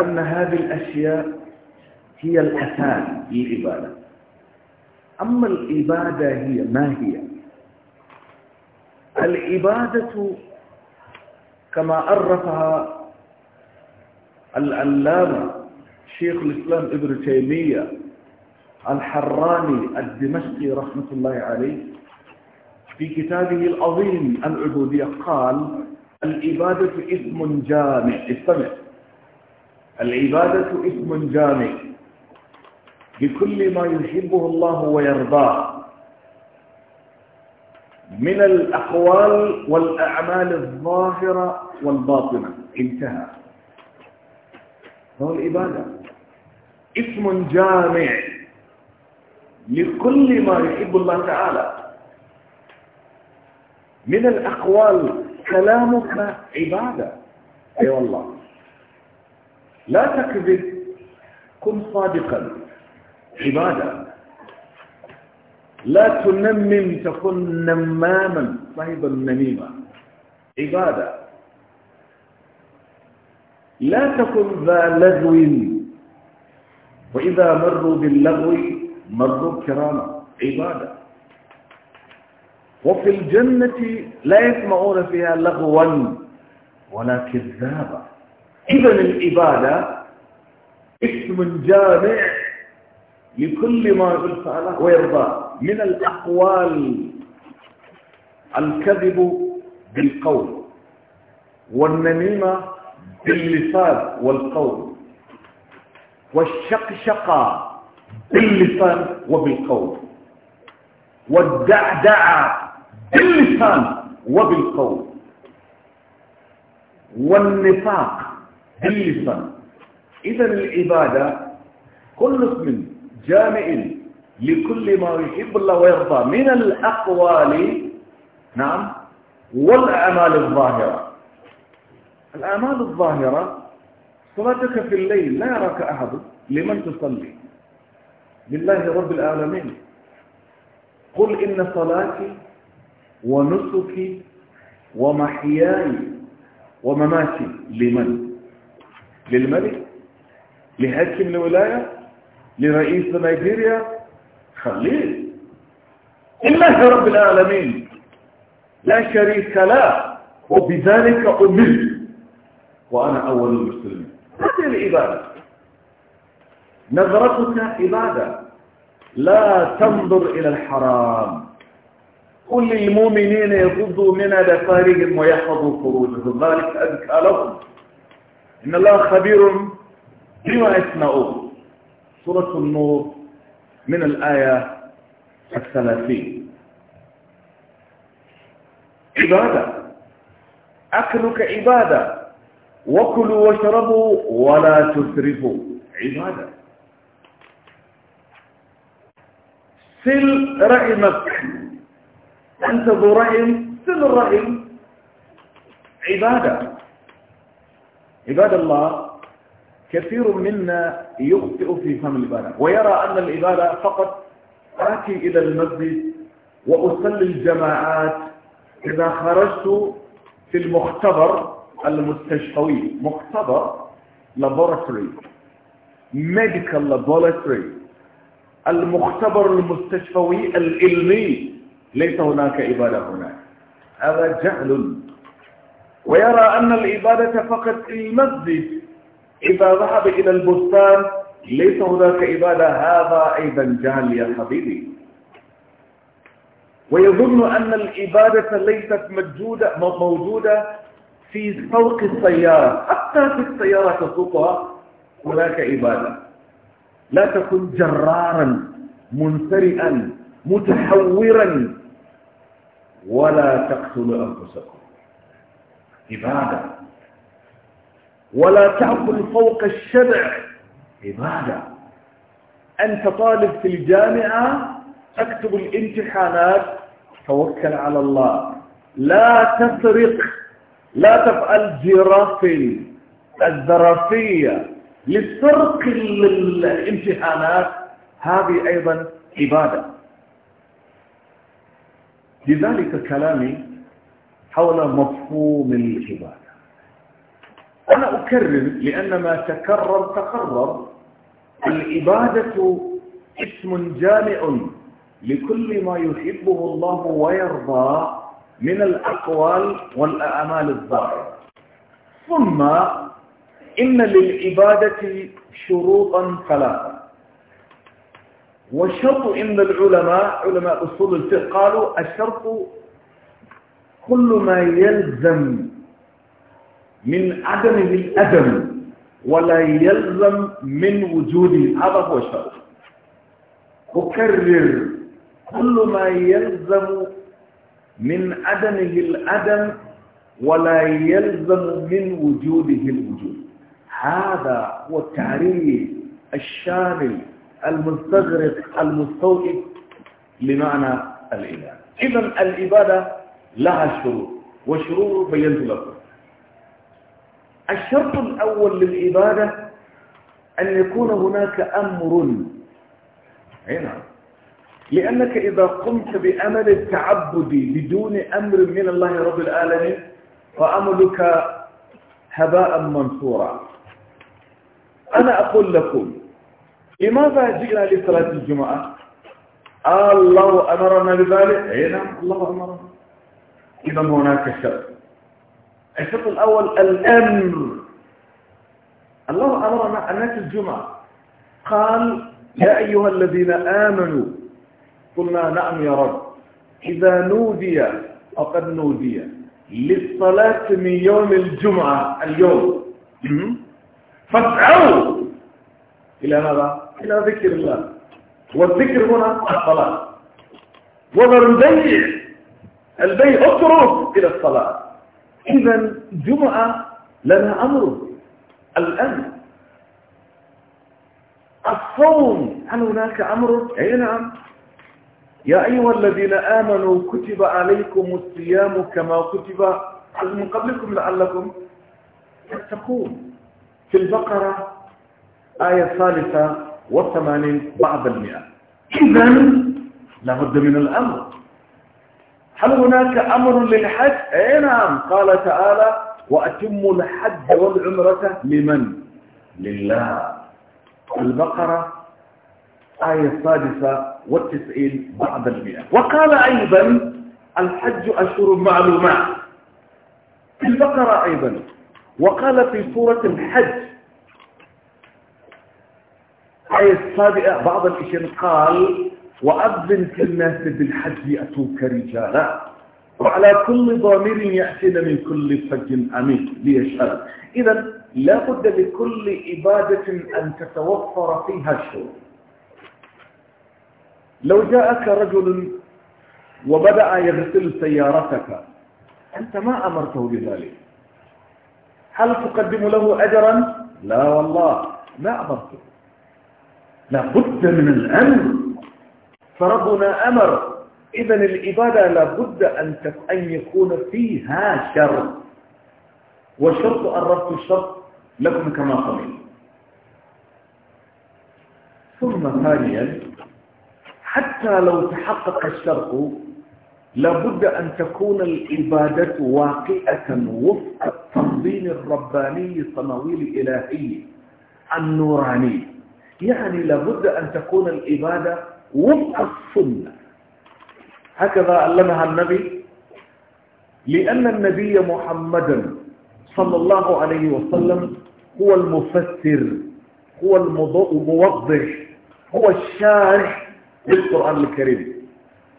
أن هذه الأشياء هي الأساس للعبادة أما العبادة هي ما هي العبادة كما عرفها العلامة شيخ الإسلام ابن تيمية الحراني الدمشقي رحمة الله عليه في كتابه العظيم العبودية قال العبادة اسم جامع استمع العبادة اسم جامع بكل ما يحبه الله ويرضاه من الأقوال والأعمال الظاهرة والباطنة انتهى هو العبادة اسم جامع لكل ما يحب الله تعالى من الأقوال كلامك عبادة أي أيوة والله لا تكذب كن صادقا عبادة لا تنمم تكن نماما صاحب النميمة عبادة لا تكن ذا لغو وإذا مروا باللغو مروا كرامة عبادة وفي الجنة لا يسمعون فيها لغوا ولا كذابا إذا العبادة اسم جامع لكل ما يفعله ويرضاه من الأقوال الكذب بالقول والنميمة باللسان والقول والشقشقة باللسان وبالقول والدعدعة باللسان وبالقول والنفاق ضيفا إذا العبادة كل اسم جامع لكل ما يحب الله ويرضى من الأقوال نعم والأعمال الظاهرة الأعمال الظاهرة صلاتك في الليل لا يراك أحد لمن تصلي لله رب العالمين قل إن صلاتي ونسكي ومحياي ومماتي لمن للملك لحاكم الولاية لرئيس نيجيريا خليه الله رب العالمين لا شريك له وبذلك أمرت وأنا أول المسلمين هذه العبادة نظرتك عبادة لا تنظر إلى الحرام قل للمؤمنين يغضوا من أبصارهم ويحفظوا فروجهم ذلك أزكى لهم إن الله خبير بما يسمعون سورة النور من الآية الثلاثين عبادة أكلك عبادة وكلوا واشربوا ولا تسرفوا عبادة سل رحمك أنت ذو رحم سل الرحم عبادة عباد الله كثير منا يخطئ في فهم العبادة ويرى أن العبادة فقط آتي إلى المسجد وأصلي الجماعات إذا خرجت في المختبر المستشفوي مختبر لابوراتوري ميديكال لابوراتوري المختبر المستشفوي العلمي ليس هناك عبادة هناك هذا جهل ويرى أن العبادة فقط في المسجد إذا ذهب إلى البستان ليس هناك عبادة هذا أيضا جهل يا حبيبي ويظن أن العبادة ليست موجودة موجودة في سوق السيارة حتى في السيارة تسوقها هناك عبادة لا تكن جرارا منسرئا متحورا ولا تقتل أنفسكم عبادة ولا تأكل فوق الشبع عبادة أنت طالب في الجامعة تكتب الامتحانات توكل على الله لا تسرق لا تفعل جرافل الزرافية لسرق الامتحانات هذه أيضا عبادة لذلك كلامي حول مفهوم العبادة أنا أكرر لأن ما تكرر تقرر العبادة اسم جامع لكل ما يحبه الله ويرضى من الأقوال والأعمال الظاهرة ثم إن للعبادة شروطا ثلاثة والشرط إن العلماء علماء أصول الفقه قالوا الشرط كل ما يلزم من عدمه الأدم ولا يلزم من وجوده هذا هو الشرع أكرر كل ما يلزم من عدمه العدم ولا يلزم من وجوده الوجود هذا هو التعريف الشامل المستغرق المستوعب لمعنى الإله إذا العبادة لها شروط وشروط بينت لكم الشرط الأول للعبادة أن يكون هناك أمر هنا نعم. لأنك إذا قمت بأمل التعبد بدون أمر من الله رب العالمين فأملك هباء منثورا أنا أقول لكم لماذا جئنا لصلاة الجمعة؟ الله أمرنا بذلك؟ أي نعم الله أمرنا إذا هناك شر الشرط الأول الأمر الله أمرنا أن نأتي الجمعة قال يا أيها الذين آمنوا قلنا نعم يا رب إذا نودي فقد نودي للصلاة من يوم الجمعة اليوم فاسعوا إلى ماذا؟ إلى ذكر الله والذكر هنا الصلاة وذر ضيع البيع اطرد إلى الصلاة إذا جمعة لنا أمر الان الصوم هل هناك أمر؟ أي نعم يا أيها الذين آمنوا كتب عليكم الصيام كما كتب من قبلكم لعلكم تتقون في البقرة آية ثالثة وثمانين بعض المئة إذا لابد من الأمر هل هناك أمر للحج؟ أي نعم قال تعالى وأتم الحج والعمرة لمن؟ لله البقرة آية السادسة والتسعين بعد المئة وقال أيضا الحج أشهر معلومات في البقرة أيضا وقال في سورة الحج آية السابعة بعض الإشياء قال وأذن في الناس بالحج يأتوك رجالا وعلى كل ضامر يأتينا من كل فج عميق ليشهد إذا لا بد لكل عبادة أن تتوفر فيها الشروط لو جاءك رجل وبدأ يغسل سيارتك أنت ما أمرته بذلك هل تقدم له أجرا؟ لا والله ما أمرته لابد من الأمر فربنا أمر إذا الإبادة لابد أن أن يكون فيها شر والشرط الربط الشر لكم كما قبل ثم ثانيا حتى لو تحقق الشر لابد أن تكون العبادة واقعة وفق التنظيم الرباني الصنويل الإلهي النوراني يعني لابد أن تكون العبادة وفق السنة هكذا علمها النبي لأن النبي محمدا صلى الله عليه وسلم هو المفسر هو الموضح هو الشارح للقرآن الكريم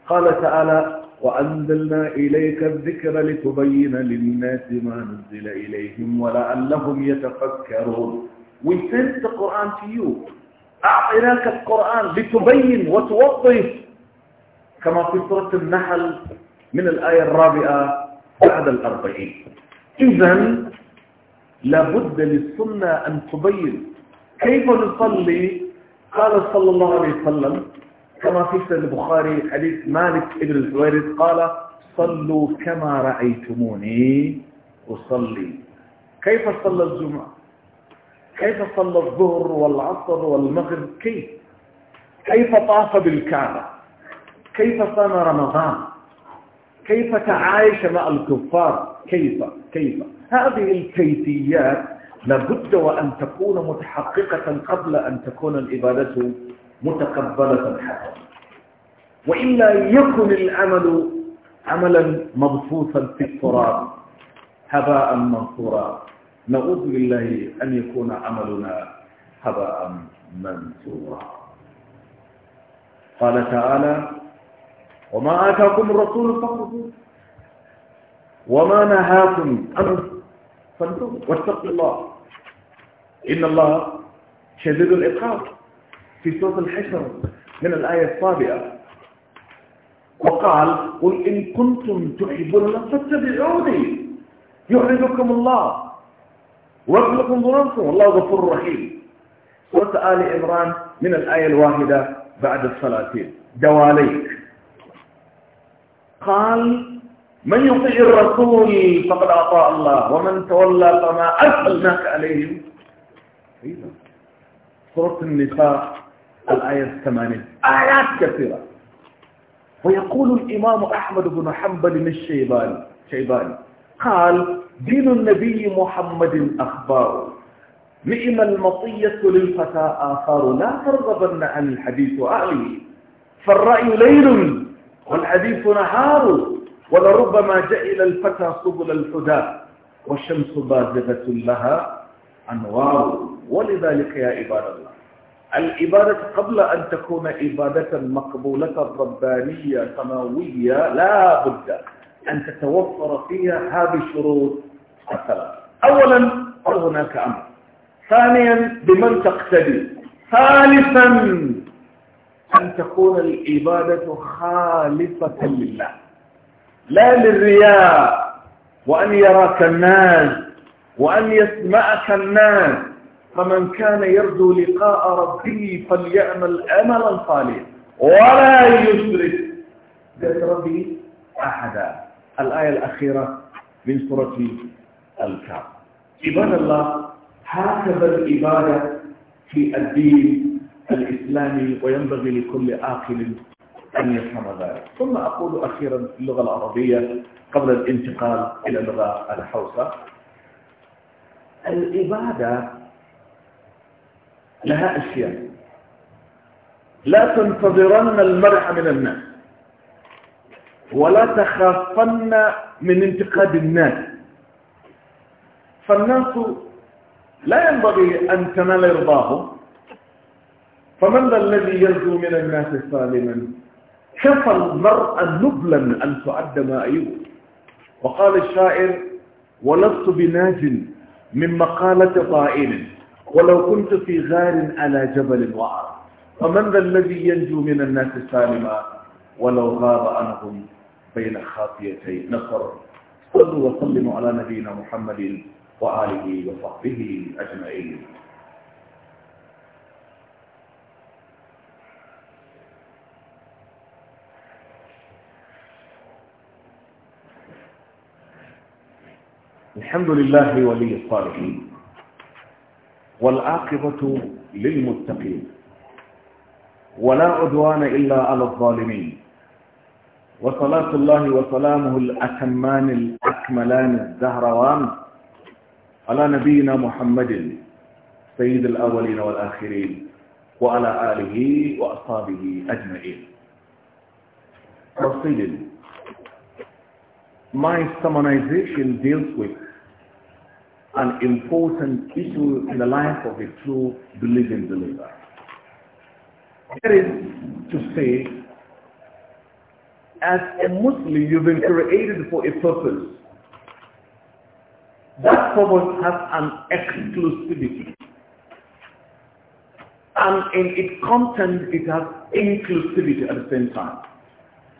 قال تعالى وأنزلنا إليك الذكر لتبين للناس ما نزل إليهم ولعلهم يتفكرون We sent the Quran to you أعطيناك القرآن لتبين وتوضح كما في سورة النحل من الآية الرابعة بعد الأربعين إذا لابد للسنة أن تبين كيف نصلي قال صلى الله عليه وسلم كما في سنة البخاري حديث مالك ابن الزويرد قال صلوا كما رأيتموني أصلي كيف صلى الجمعة كيف صلى الظهر والعصر والمغرب كيف كيف طاف بالكعبة كيف صام رمضان كيف تعايش مع الكفار كيف كيف هذه الكيفيات لابد وأن تكون متحققة قبل أن تكون العبادة متقبلة حتى وإلا يكن العمل عملا مبثوثا في التراب هباء منثورا نعوذ بالله أن يكون عملنا هباء منثورا قال تعالى وما آتاكم الرسول فخذوه وما نهاكم عنه فانتم واتقوا الله إن الله شديد العقاب في سورة الحشر من الآية السابعة وقال قل إن كنتم تحبون فاتبعوني يعرضكم الله واغلقوا ظلمكم والله غفور رحيم سورة آل عمران من الآية الواحدة بعد الصلاتين دواليك قال من يطيع الرسول فقد أعطى الله ومن تولى فما أرسلناك عليهم أيوة. سورة النساء الآية الثمانين آيات كثيرة ويقول الإمام أحمد بن حنبل من الشيباني شيباني قال دين النبي محمد أخبار نعم المطية للفتى آخر لا ترغبن عن الحديث أعلي فالرأي ليل والحديث نهار ولربما جئل الفتى سبل الهدى والشمس باذبة لها أنوار ولذلك يا عباد الله العبادة قبل أن تكون عبادة مقبولة ربانية سماوية لا بد أن تتوفر فيها هذه الشروط الثلاثة أولا هل هناك أمر ثانيا بمن تقتدي ثالثا أن تكون العبادة خالصة لله لا للرياء وأن يراك الناس وأن يسمعك الناس فمن كان يرجو لقاء ربه فليعمل عملا خاليا ولا يشرك بربه أحدا الآية الأخيرة من سورة الكعب عباد الله هكذا العبادة في الدين الإسلامي وينبغي لكل عاقل أن يفهم ذلك ثم أقول أخيرا في اللغة العربية قبل الانتقال إلى اللغة الحوصة العبادة لها أشياء لا تنتظرن المرح من الناس ولا تخافن من انتقاد الناس فالناس لا ينبغي أن تنال رضاهم فمن ذا الذي يرجو من الناس سالما كفى المرء نبلا أن تعد ما أيوه وقال الشاعر ولست بناج من مقالة طائل ولو كنت في غار على جبل وعر فمن ذا الذي ينجو من الناس سالما ولو غاب عنهم بين خافيتي نصر صلوا وسلموا على نبينا محمد وآله وصحبه أجمعين الحمد لله ولي الصالحين والعاقبة للمتقين ولا عدوان إلا على الظالمين وصلاة الله وسلامه الأتمان الأكملان الزهروان على نبينا محمد سيد الأولين والآخرين وعلى آله وأصحابه أجمعين Proceeding. My summarization deals with an important issue in the life of a true believing believer. That is to say, As a Muslim, you've been created for a purpose. That purpose has an exclusivity. And in its content, it has inclusivity at the same time.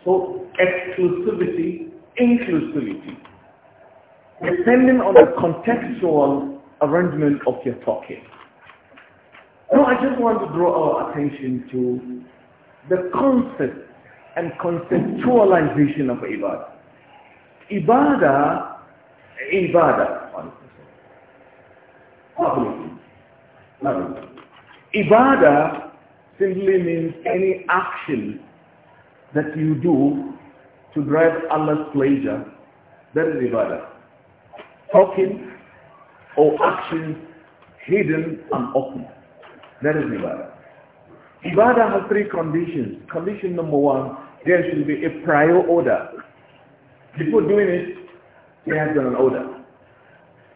So exclusivity, inclusivity, depending on the contextual arrangement of your talking. Now I just want to draw our attention to the concept and conceptualization of ibadah. Ibadah, ibadah, Ibadah simply means any action that you do to drive Allah's pleasure, that is ibadah. Talking or actions hidden and open, that is ibadah. Ibadah has three conditions. Condition number one, there should be a prior order. Before doing it, there has been an order.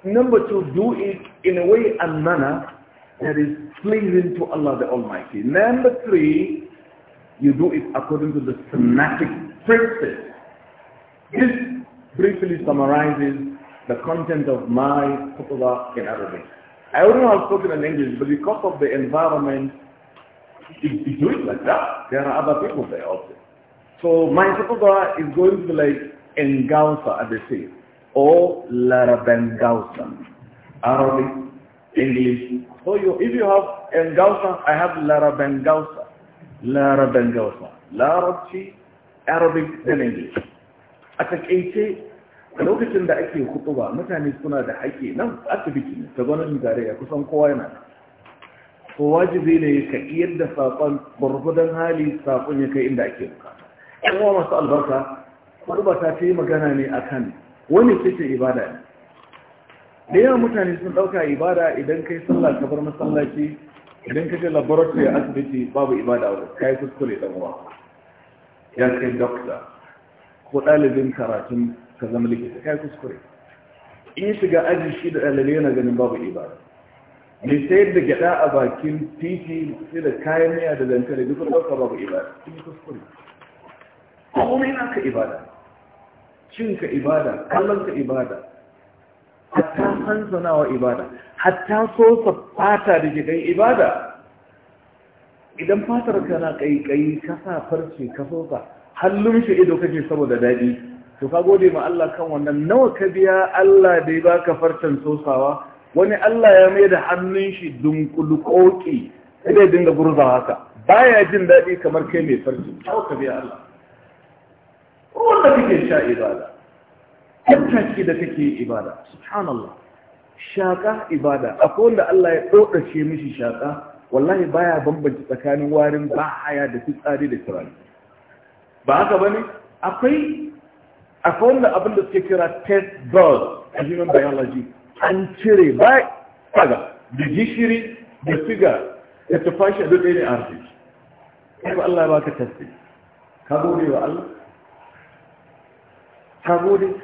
Number two, do it in a way and manner that is pleasing to Allah the Almighty. Number three, you do it according to the semantic principle. This briefly summarizes the content of my khutbah in Arabic. I wouldn't have spoken in English, but because of the environment, if you do it like that, there are other people there also. So my Sapagora is going to like Engausa, as they say, or Larabengausa. Arabic, English. So you, if you have Engausa, I have Larabengausa. Larabengausa. Larabci, Arabic, then English. A takaice, a lokacin da ake kutuba mutane suna da haƙe nan asibiti ne ta gwamnatin tarayya kusan kowa yana ko wajibi ne ka iya da saƙon gwargwadon hali saƙon ya kai inda ake bukata kuma masu albarka marba ta fi magana ne akan wani cikin ibada da yawan mutane sun ɗauka ibada idan kai sallah ka bar masallaci idan ka je laboratory asibiti babu ibada wa kai kuskure dan uwa ya kai dokta, ko ɗalibin karatun ka zama likita kai kuskure in shiga aji shi da ɗalibai yana ganin babu ibada Ni sayar da gyada a bakin titi sai da kayan miya da dankali duk ɗauka babu ibada yi kuskure komai na ka ibada cin ka ibada kallon ka ibada hatta hanzanawa ibada hatta so sa fata da jigan ibada idan fatar ka na kaikayi ka sa farce ka so sa hallun shi ido kake saboda daɗi to ka gode ma Allah kan wannan nawa ka biya Allah da ya baka farcen sosawa wani Allah ya mai da hannun shi dunkulukoki sai dai dinga gurza haka baya jin daɗi kamar kai mai farce ka biya Allah Kowanne kake sha ibada tattaki da kake ibada subhanallah shaka ibada akwai wanda Allah ya dodace mishi shaka wallahi baya bambanci tsakanin warin baya da fitsari da kirani ba haka bane akwai akwai wanda abin da suke kira test blood a human biology an cire ba kaga da gishiri da siga da tufashi da ɗaya ne a Allah ya baka tasiri. Ka gode wa Allah? Tagode? gode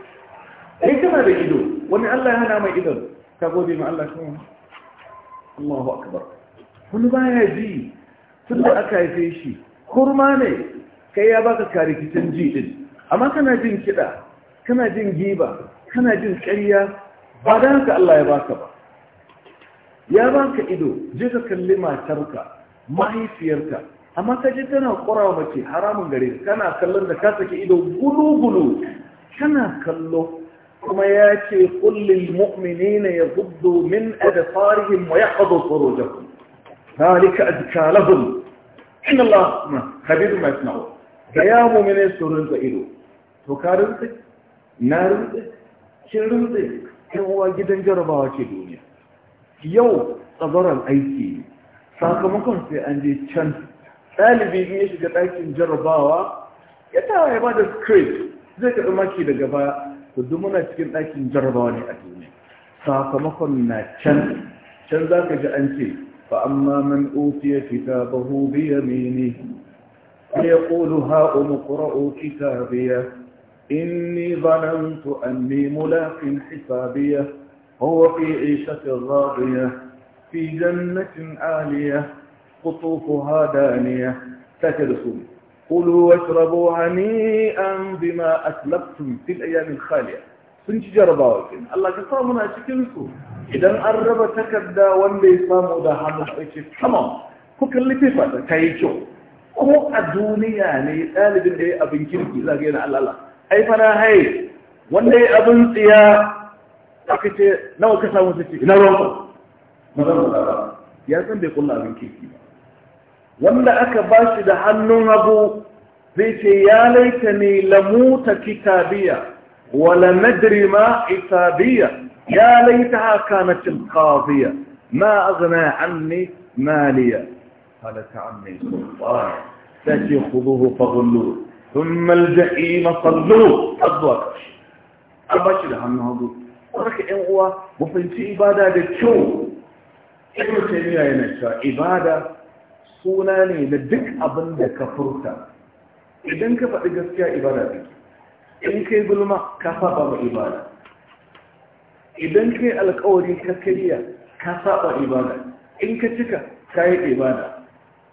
ai kana eh, da ido wani Allah ya hana mai idon Tagode gode ma Allah shi Allahu akbar wani baya ji tun da aka haife shi kurma ne kai ya baka karikicin ji din amma kana jin kiɗa kana jin giba kana jin ƙarya ba da haka Allah ya baka ba ya baka ido je ka kalli matarka mahaifiyarka amma ka je tana ƙurawa mace haramun gare kana kallon da ka saki ido gulu-gulu kana kallo kuma ya ce kullil mu'minina yaghuddu min absarihim wa yahfazu furujahum zalika azka lahum inna allaha khabirun ma yasna'un ga ya mu'mine su rinza ido to ka rinza na rinza kin rinza kin uwa gidan jarabawa ce duniya yau tsabaran aiki sakamakon sai an je can ɗalibi ya shiga ɗakin jarabawa ya tawa ya ba da script zai taɓa maki da gaba. kudin muna cikin ɗakin jarabawa ne a duniya sakamakon na can can za ka ji ance? ba amma man ofiya fita ba hubiya mene ya ƙolu haɓo mu ƙura'o fita biya in ni zanantu an nemo lafin fita biya kowa fi isa ta fi jannatin aliya ƙutu ko hadaniya take da su kulu washrabu hani'an bima aslaftum fil ayyamin khaliya sun ci jarabawa kin Allah ka samu na cikin su idan an raba takarda wanda ya samu da hannu a ce kama ku kalli fifa ta kai kyau ko a duniya ne ɗalibin da ya abin kirki za ga yana Allah ai fa na hai wanda ya abin tsiya aka ce nawa ka samu sai ina ruwan ya san bai kulla abin kirki ba wanda aka ba shi da hannun hagu zai ce ya laita ne lamuta kitabiya wala nadri ma isabiya ya laita haka na cin kaziya ma azna anni maliya halaka anni sultan ta ce khuduhu faghullu thumma aljahim sallu azwa kashi an ba shi da hannun hagu sarki yan uwa mu fahimci ibada da kyau ibada suna ne na duk abin da ka furta idan ka faɗi gaskiya ibada ne, in kai gulma ka saba ma ibada idan kai alkawari ka kariya ka saba ibada in ka cika ka yi ibada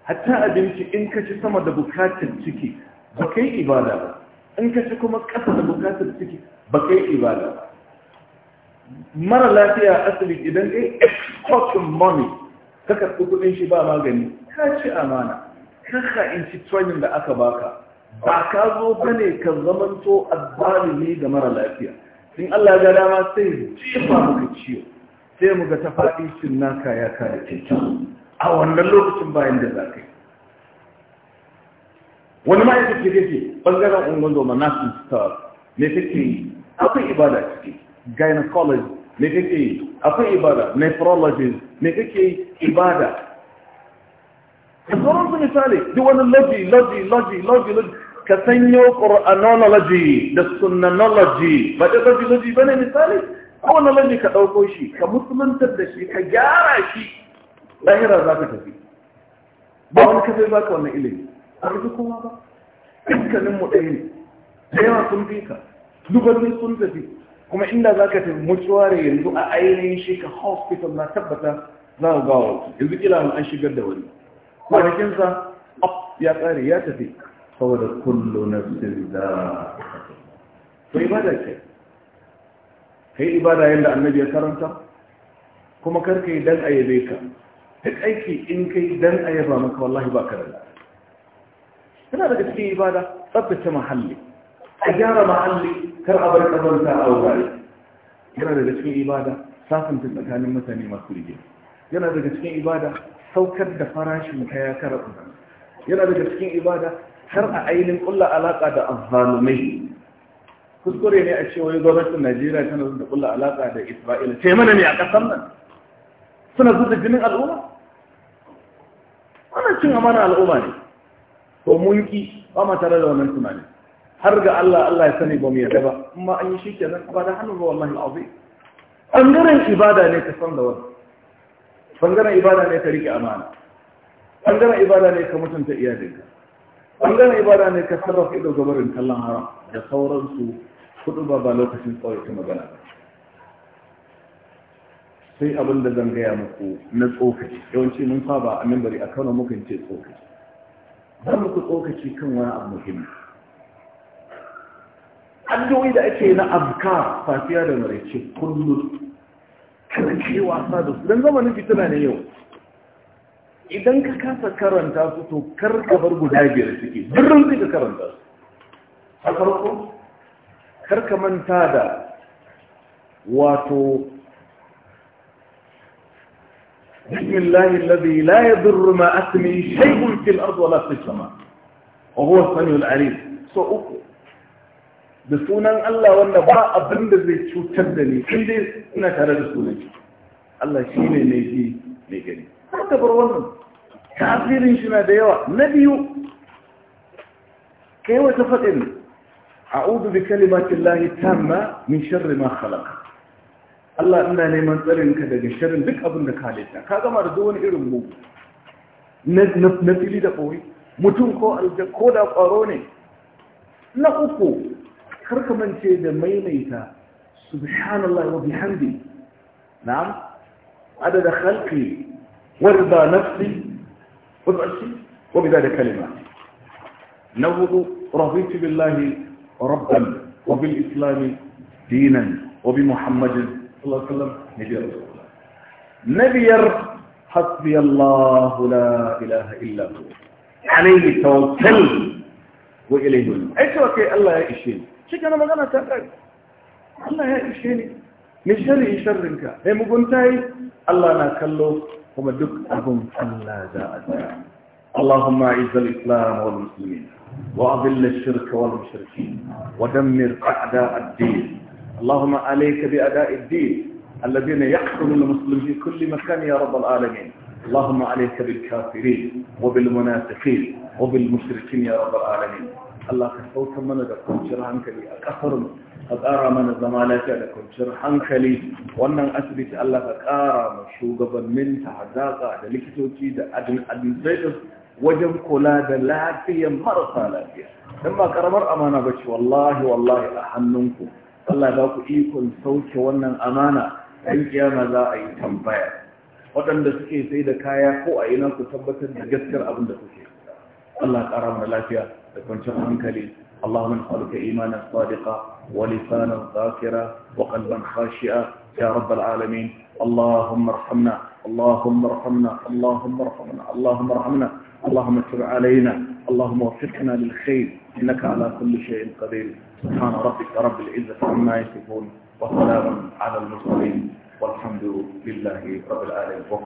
hatta abinci in ka ci sama da bukatar ciki ba kai ibada ba in ka ci kuma ƙasa da bukatar ciki ba kai ibada ba mara lafiya asibiti idan kai extortion money ka karɓi kuɗin shi ba magani ka ci amana ka ci training da aka baka ba ka zo ba ne ka zamanto azzalimi ga mara lafiya in Allah ga dama sai jefa muka ciwo sai muka ta faɗi cin naka ya kare cikin a wannan lokacin bayan da za ka wani ma'aikata ke dace ɓangaren ungon zoma nasu star ne take yi akwai ibada ciki gynecology me kake yi akwai ibada nephrologist me kake yi ibada da su misali duk wani logi logi logi logi ka sanyo ƙor'anology da sunanology ba ta logi logi ba ne misali wani logi ka ɗauko shi ka musulunta da shi ka gyara shi yara za ka tafi ba wani kafe za ka wani ilimi a rufe kowa ba mu ɗaya ne da yawa sun fi ka dubanni sun tafi kuma inda za ka tafi mutuware yanzu a ainihin shi ka hospital na tabbata za a ka gawo yanzu kila an shigar da wani kwanakinsa up ya tsare ya tafi saboda kullu na sirda to ibada ke yi ibada yadda annabi ya karanta kuma karka yi dan ayyabe ka duk aiki in ka yi dan ayyaba maka wallahi ba ka da tana daga cikin ibada tsabtace muhalli a gyara mahalli kar a bar kazanta a wurare yana daga cikin ibada sasanta tsakanin mutane masu rige yana daga cikin ibada saukar da farashin kaya kara kusa yana daga cikin ibada har a ainihin kulla alaka da azzalumai kuskure ne a cewa gwamnatin najeriya tana da kulla alaka da isra'ila ce mana ne a kasar nan suna zuba jinin al'umma wannan cin amana al'umma ne to mun ki ba ma tare da wannan tunanin har ga Allah Allah ya sani ba mu yarda ba amma an yi shikenan ba da hannun ba wallahi alazim bangaren ibada ne ka san da wannan bangaren ibada ne ka rike amana bangaren ibada ne ka mutunta iyalinka bangaren ibada ne ka sarrafa ido gabarin kallon haram da sauransu kudu ba ba lokacin tsawaita magana sai abin da zan gaya muku na tsokaci yawanci mun saba a membari a kano mukan ce tsokaci Zan muku tsokaci kan wani abu muhimmi addu'o'i da ake na abka fafiya da maraice kullum kada ce wasa da su don zamanin fitina ne yau idan ka kasa karanta su to bar guda biyar suke birnin zai ka karanta su a farko karka manta da wato بسم الله الذي لا يضر ما شيء في ولا في السماء وهو السميع العليم da sunan Allah wanda ba abin da zai cutar da ni sai dai ina tare da sunan shi Allah shi ne mai ji mai gani haka bar wannan kafirin shi na da yawa na biyu kai wata faɗin a'udhu bi kalimatin lahi tamma min sharri ma khalaq Allah ina neman tsarin ka daga sharrin duk abin da ka halitta ka gama da duk irin mu na fili da koyi mutum ko aljan ko da ƙwaro ne na uku karka mance da maimaita subhanallah wa bihamdi na'am adada khalqi warda nafsi wa ba'si wa bidada kalima nawdu raditu billahi rabban wa bil islam dinan wa bi muhammadin sallallahu alaihi wasallam nabiyyu rasulullah nabiyyu حسبي الله لا إله إلا هو عليه توكل وإليه أي توكل الله يشين شكرا مغانا magana ta kai Allah ya ishe ni min sharri sharrinka eh mugunta الله Allah na اللهم اعز الاسلام والمسلمين واذل الشرك والمشركين ودمر اعداء الدين اللهم عليك باداء الدين الذين يحكم المسلم في كل مكان يا رب العالمين اللهم عليك بالكافرين وبالمنافقين وبالمشركين يا رب العالمين Allah ka sauka mana da kwanciyar hankali a mu. ka ƙara mana zama lafiya da kwanciyar hankali wannan asibiti Allah ka ƙara ma shugabannin ta da likitoci da administrators wajen kula da lafiyan marasa lafiya dan ba karamar amana ba ce wallahi wallahi a hannunku Allah ba ku ikon sauke wannan amana ɗan kiyama za a yi tambaya waɗanda suke sai da kaya ko a ina ku tabbatar da gaskiyar abin da kuke Allah ƙara mana lafiya تكونشن لي اللهم نسألك إيمانا صادقا ولسانا ذاكرا وقلبا خاشئا يا رب العالمين اللهم ارحمنا اللهم ارحمنا اللهم ارحمنا اللهم ارحمنا اللهم اتب علينا اللهم وفقنا للخير إنك على كل شيء قدير سبحان ربك رب العزة عما يصفون وسلام على المرسلين والحمد لله رب العالمين